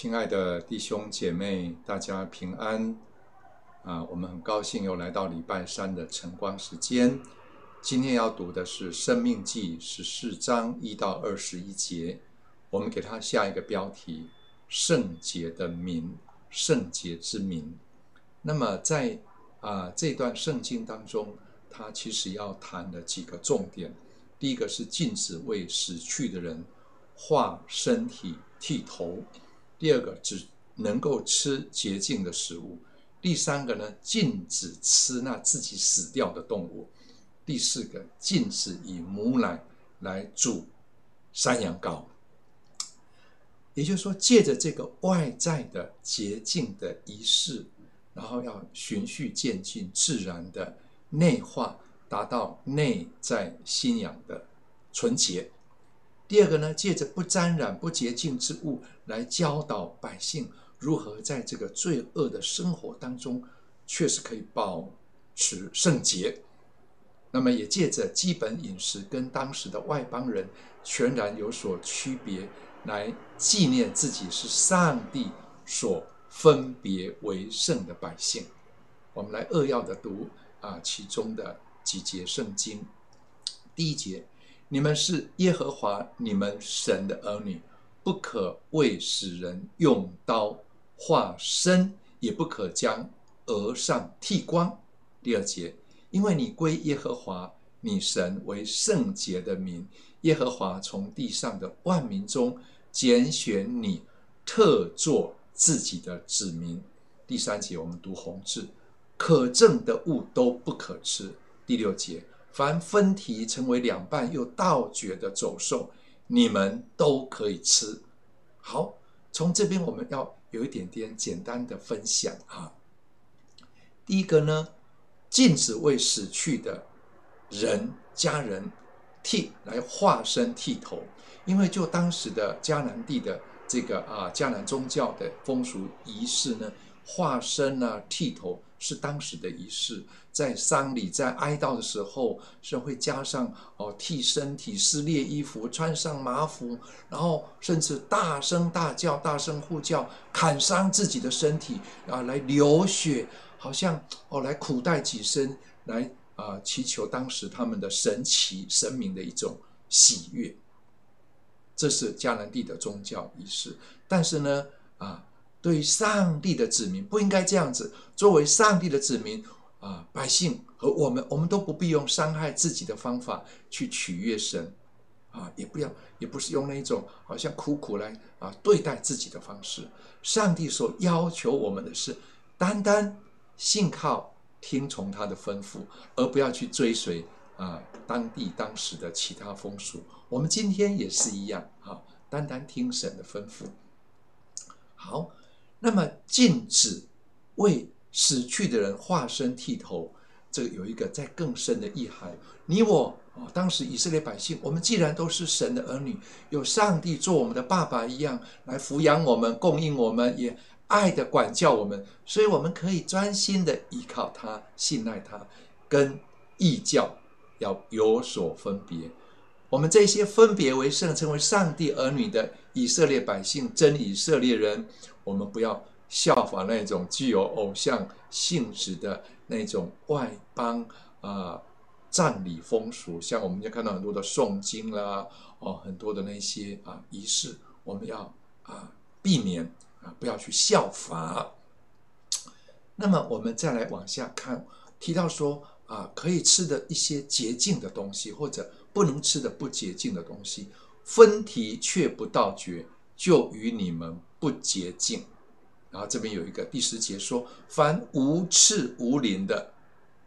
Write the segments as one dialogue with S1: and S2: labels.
S1: 親愛的弟兄姐妹，大家平安！啊，我們很高興又來到禮拜三的晨光時間。今天要讀的是《申命記》十四章一到二十一節。我們給它下一個標題：聖潔的民，聖潔之民。那麼在，在啊這段聖經當中，它其實要談的幾個重點，第一個是禁止為死去的人劃身體、剃頭。第二個只能夠吃潔淨的食物，第三個呢，禁止吃那自己死掉的動物，第四個禁止以母奶來煮山羊羔。也就是說，借着這個外在的潔淨的儀式，然後要循序漸進、自然的內化，達到內在信仰的純潔。第二個呢，借着不沾染不潔淨之物來教導百姓如何在這個罪惡的生活當中，確實可以保持聖潔。那麼也借着基本飲食跟當時的外邦人全然有所區別，來紀念自己是上帝所分別為聖的百姓。我們來扼要的讀啊其中的幾節聖經。第一節。你們是耶和華你們神的兒女，不可為死人用刀劃身，也不可將額上剃光。第二節，因為你歸耶和華你神為聖潔的民，耶和華從地上的萬民中揀選你，特作自己的子民。第三節，我們讀紅字，可憎的物都不可吃。第六節。凡分蹄成為兩瓣又倒嚼的走獸，你們都可以吃。好，從這邊我們要有一點點簡單的分享啊。第一個呢，禁止為死去的人家人剃來劃身剃頭，因為就當時的迦南地的這個啊迦南宗教的風俗儀式呢，劃身啊剃頭。是當時的儀式，在喪禮、在哀悼的時候，是會加上哦，替身體撕裂衣服，穿上麻服，然後甚至大聲大叫、大聲呼叫，砍傷自己的身體啊，來流血，好像哦，來苦待己身，來啊、呃、祈求當時他們的神奇神明的一種喜悅。這是迦南地的宗教儀式，但是呢，啊。對於上帝的子民不應該這樣子。作為上帝的子民啊，百姓和我們，我們都不必用傷害自己的方法去取悅神，啊，也不要，也不是用那一種好像苦苦來啊對待自己的方式。上帝所要求我們的是，單單信靠、聽從他的吩咐，而不要去追隨啊當地當時的其他風俗。我們今天也是一樣，啊，單單聽神的吩咐。好。那麼禁止為死去的人化身剃頭，這個有一個在更深的意涵。你我，當時以色列百姓，我們既然都是神的兒女，有上帝做我們的爸爸一樣來撫養我們、供應我們，也愛的管教我們，所以我們可以專心的依靠他、信賴他，跟異教要有所分別。我們這些分別為聖、稱為上帝兒女的以色列百姓，真以色列人，我們不要效仿、那種具有偶像性質的那種外邦啊葬禮風俗，像我們就看到很多的誦經啦，哦、呃，很多的那些啊、呃、儀式，我們要啊、呃、避免啊、呃，不要去效仿。那麼我們再來往下看，提到說啊、呃，可以吃的一些潔淨的東西，或者。不能吃的不潔淨的東西，分蹄卻不倒嚼，就與你們不潔淨。然後這邊有一個第十節說，凡無翅無鱗的，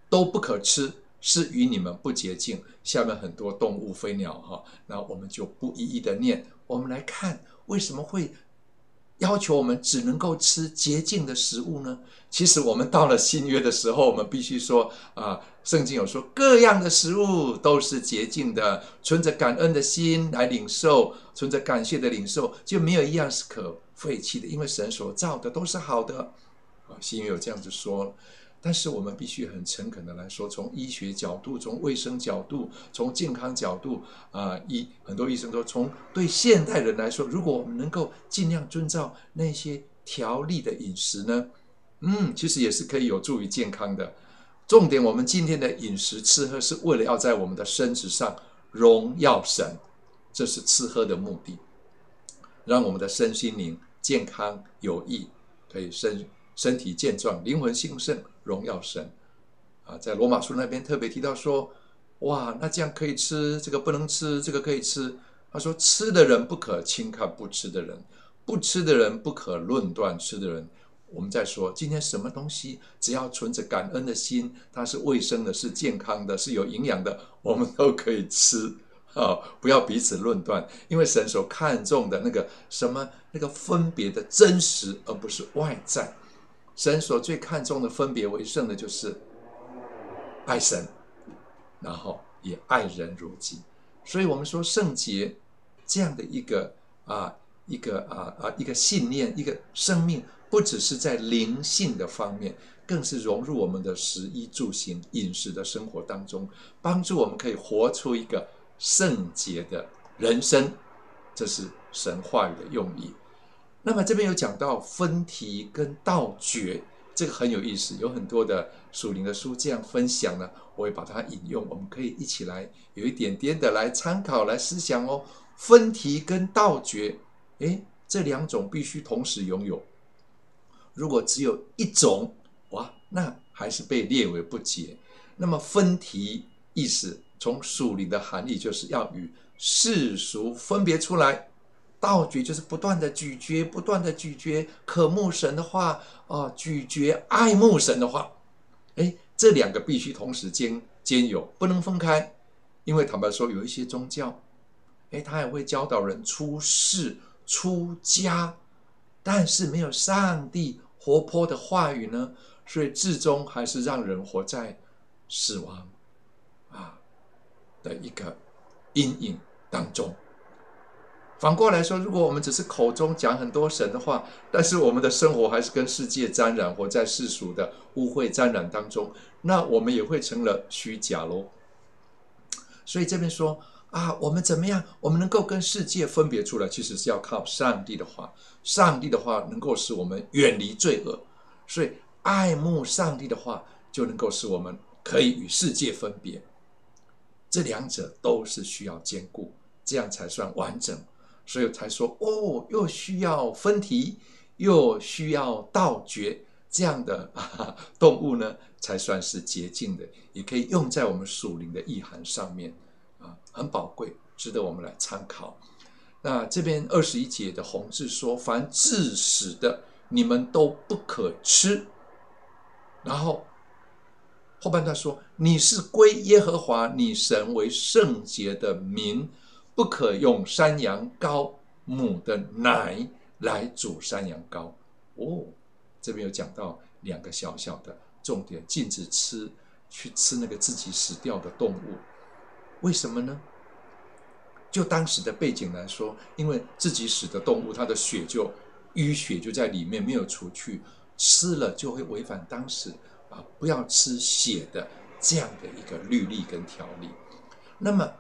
S1: 都不可吃，是與你們不潔淨。下面很多動物飛鳥哈，那我們就不一一的念，我們來看為什麼會。要求我們只能夠吃潔淨的食物呢？其實我們到了新約的時候，我們必須說啊，聖經有說，各樣的食物都是潔淨的，存着感恩的心來領受，存着感謝的領受，就沒有一樣是可廢棄的，因為神所造的都是好的啊。新約有這樣子說。但是我們必須很誠懇的來說，從醫學角度、從衛生角度、從健康角度，啊、呃，醫很多醫生說，從對現代人來說，如果我們能夠盡量遵照那些條例的飲食呢，嗯，其實也是可以有助於健康的。重點，我們今天的飲食吃喝是為了要在我們的身體上榮耀神，這是吃喝的目的，讓我們的身心靈健康有益，可以生。身體健壯，靈魂興盛，榮耀神啊！在羅馬書那邊特別提到說，哇，那這樣可以吃，這個不能吃，這個可以吃。他說，吃的人不可輕看不吃的人，不吃的人不可論斷吃的人。我們在說今天什麼東西，只要存着感恩的心，它是衛生的，是健康的，是有營養的，我們都可以吃啊、哦！不要彼此論斷，因為神所看重的那個什麼那個分別的真實，而不是外在。神所最看重的分別為聖的，就是愛神，然後也愛人如己。所以，我們說聖潔這樣的一個啊，一個啊啊，一個信念，一個生命，不只是在靈性的方面，更是融入我們的食衣住行、飲食的生活當中，幫助我們可以活出一個聖潔的人生。這是神話語的用意。那麼這邊有講到分別跟道德，這個很有意思，有很多的屬靈的書這樣分享呢，我會把它引用，我們可以一起來有一點點的來參考、來思想哦。分別跟道德，誒，這兩種必須同時擁有。如果只有一種，哇，那還是被列為不潔。那麼分別意思，從屬靈的含義，就是要與世俗分別出來。倒嚼就是不斷的咀嚼，不斷的咀嚼。渴慕神的話啊、呃，咀嚼愛慕神的話，哎，這兩個必須同時兼兼有，不能分開。因為坦白說，有一些宗教，哎，他也會教導人出世出家，但是沒有上帝活潑的話語呢，所以至終還是讓人活在死亡啊的一個陰影當中。反過來說，如果我們只是口中講很多神的話，但是我們的生活還是跟世界沾染，活在世俗的污穢沾染當中，那我們也會成了虛假嘍。所以這邊說啊，我們怎麼樣，我們能夠跟世界分別出來，其實是要靠上帝的話，上帝的話能夠使我們遠離罪惡，所以愛慕上帝的話，就能夠使我們可以與世界分別。這兩者都是需要兼顧，這樣才算完整。所以才說哦，又需要分蹄，又需要倒嚼這樣的、啊、動物呢，才算是潔淨的，也可以用在我們屬靈的意涵上面啊，很寶貴，值得我們來參考。那這邊二十一節的紅字說：“凡自死的，你們都不可吃。”然後後半段說：“你是歸耶和華你神為聖潔的民。”不可用山羊羔，母的奶來煮山羊羔哦。這邊有講到兩個小小的重點，禁止吃去吃那個自己死掉的動物，為什麼呢？就當時的背景來說，因為自己死的動物，它的血就淤血就在裡面，沒有除去，吃了就會違反當時啊不要吃血的這樣的一個律例跟條例。那麼。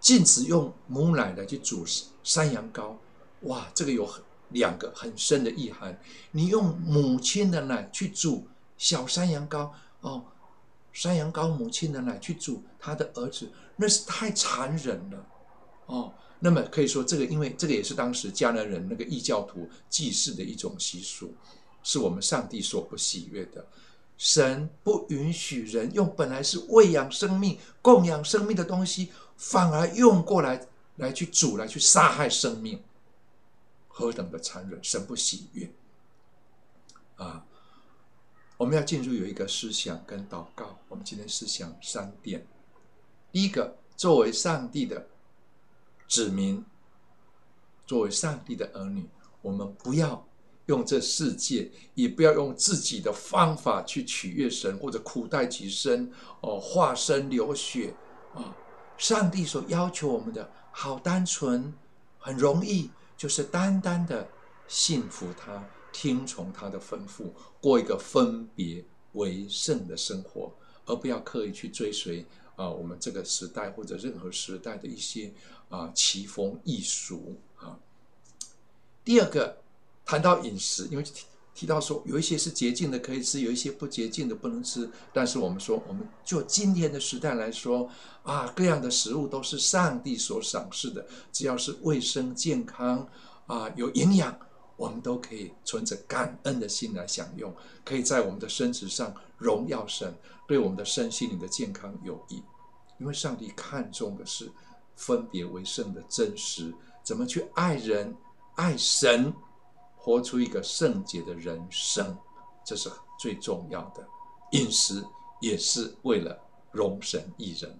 S1: 禁止用母奶來去煮山羊羔，哇，這個有很，兩個很深的意涵。你用母親的奶去煮小山羊羔，哦，山羊羔母親的奶去煮他的兒子，那是太殘忍了，哦。那麼可以說這個，因為這個也是當時迦南人那個異教徒祭祀的一種習俗，是我們上帝所不喜悅的。神不允許人用本來是餵養生命、供養生命的東西。反而用過來來去阻，來去殺害生命，何等的殘忍！神不喜悅啊！我們要進入有一個思想跟禱告。我們今天思想三點：第一個，作為上帝的子民，作為上帝的兒女，我們不要用這世界，也不要用自己的方法去取悅神，或者苦待己身，哦，化身流血啊！哦上帝所要求我們的好單純，很容易，就是單單的信服他，聽從他的吩咐，過一個分別為聖的生活，而不要刻意去追隨啊、呃，我們這個時代或者任何時代的一些啊、呃、奇風異俗啊。第二個，談到飲食，因為。提到說，有一些是潔淨的可以吃，有一些不潔淨的不能吃。但是我們說，我們就今天的時代來說，啊，各樣的食物都是上帝所賞賜的，只要是衛生健康啊，有營養，我們都可以存着感恩的心來享用，可以在我們的身體上榮耀神，對我們的身心靈的健康有益。因為上帝看重的是分別為聖的真實，怎麼去愛人、愛神。活出一個聖潔的人生，這是最重要的。飲食也是為了榮神益人。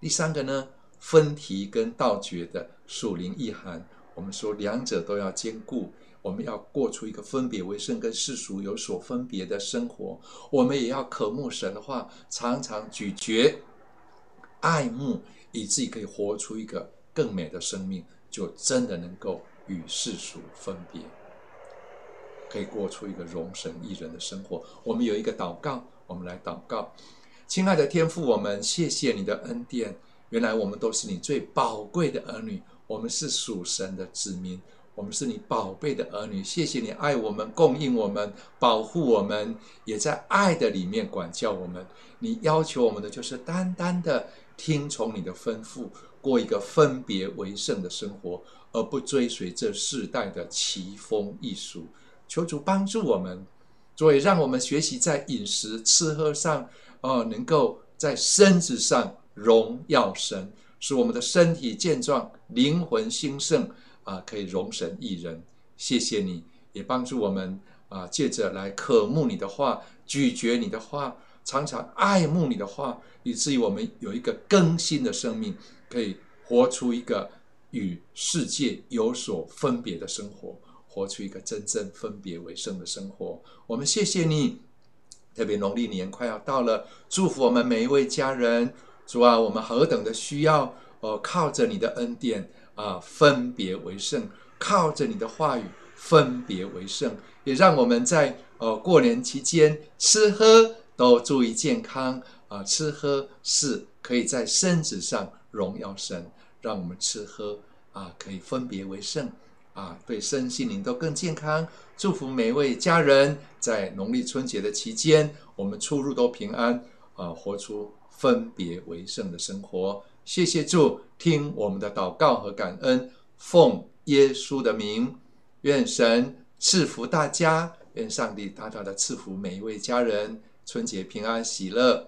S1: 第三個呢，分題跟道訣的屬靈意涵，我們說兩者都要兼顧。我們要過出一個分別為聖跟世俗有所分別的生活，我們也要渴慕神的話，常常咀嚼、愛慕，以至於可以活出一個更美的生命，就真的能夠。與世俗分別，可以過出一個榮神益人的生活。我們有一個禱告，我們來禱告：親愛的天父，我們謝謝你的恩典。原來我們都是你最寶貴的兒女，我們是屬神的子民，我們是你寶貝的兒女。謝謝你愛我們，供應我們，保護我們，也在愛的裡面管教我們。你要求我們的，就是單單的聽從你的吩咐，過一個分別為聖的生活。而不追隨這世代的奇風異俗，求主幫助我們，所以讓我們學習在飲食吃喝上，呃，能夠在身子上榮耀神，使我們的身體健壯，靈魂興盛，啊、呃，可以榮神益人。謝謝你，也幫助我們啊、呃，借着來渴慕你的話，咀嚼你的話，常常愛慕你的話，以至於我們有一個更新的生命，可以活出一個。與世界有所分別的生活，活出一個真正分別為聖的生活。我們謝謝你，特別農曆年快要到了，祝福我們每一位家人。主啊，我們何等的需要哦，靠着你的恩典啊，分別為聖，靠着你的話語分別為聖。也讓我們在呃過年期間吃喝都注意健康啊，吃喝是可以在身子上榮耀神。讓我們吃喝啊，可以分別為聖啊，對身心靈都更健康。祝福每一位家人在農曆春節的期間，我們出入都平安啊，活出分別為聖的生活。謝謝主，聽我們的禱告和感恩，奉耶穌的名，願神賜福大家，願上帝大大的賜福每一位家人，春節平安喜樂。